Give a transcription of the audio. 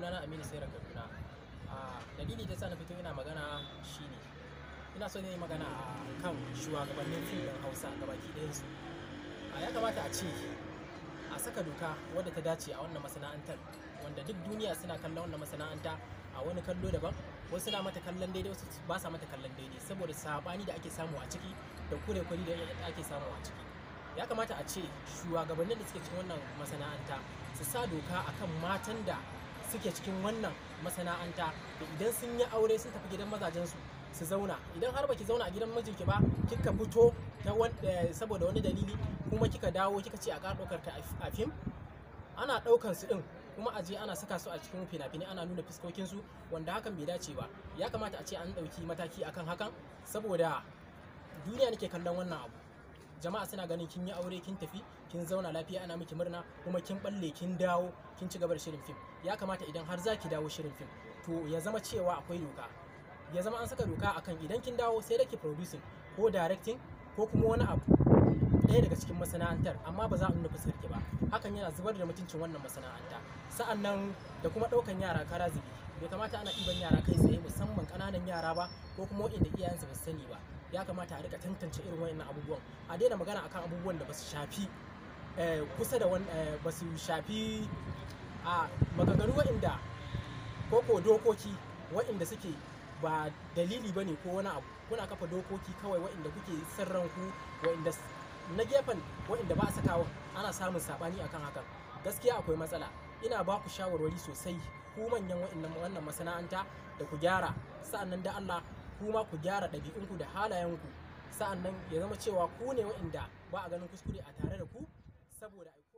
sunana aminu saira kaduna a dalili ta sa na fito ina magana shine ina so ne magana a kan shugabannin fim ɗin hausa gabaki su a ya kamata a ce a saka doka wadda ta dace a wannan masana'antar wanda duk duniya suna kallon wannan masana'anta a wani kallo daban wasu suna mata kallon daidai wasu ba sa mata kallon daidai saboda sabani da ake samu a ciki da kure-kure da ake samu a ciki ya kamata a ce shugabannin da suke cikin wannan masana'anta su sa doka akan matan da suke cikin wannan masana'anta da idan sun yi aure sun tafi gidan mazajensu su zauna idan har baki zauna a gidan mijinki ba kika fito ta eh, saboda wani dalili kuma kika dawo kika ce a ka ɗaukar ta a fim ana ɗaukan su ɗin kuma a je ana saka su a cikin fina-finai ana nuna fuskokinsu wanda hakan bai dace ba ya kamata a ce an ɗauki mataki akan hakan saboda duniya nake kallon wannan abu jama'a suna ganin kin yi aure kin tafi kin zauna lafiya ana miki murna kuma kin balle kin dawo kin ci gaba da shirin fim ya kamata idan har za ki dawo shirin fim to ya zama cewa akwai doka ya zama an saka doka akan idan kin dawo sai da ki producing ko directing ko kuma wani abu ɗaya daga cikin masana'antar amma ba za a nuna fuskar ba hakan yana zubar da mutuncin wannan masana'anta sa'annan da kuma ɗaukan yara kara zubi bai kamata ana ɗiban yara kai tsaye musamman ƙananan yara ba ko kuma waɗanda iyayensu ba su sani ba ya kamata a rika tantance irin waɗannan abubuwan a daina magana akan abubuwan da ba su shafi eh, kusa da eh, ba su shafi a maganganu waɗanda ko dokoki waɗanda suke ba dalili ba ne ko wani abu kuna kafa dokoki kawai waɗanda kuke ranku ku na gefen waɗanda ba a sakawa ana samun saɓani akan hakan gaskiya akwai matsala ina baku shawarwari sosai ku manyan wa'annan wannan masana'anta da ku gyara sa'annan da Allah ku ma ku gyara ɗabi'unku da halayenku sa'annan ya zama cewa ku ne wa'anda ba a ganin kuskure a tare da ku saboda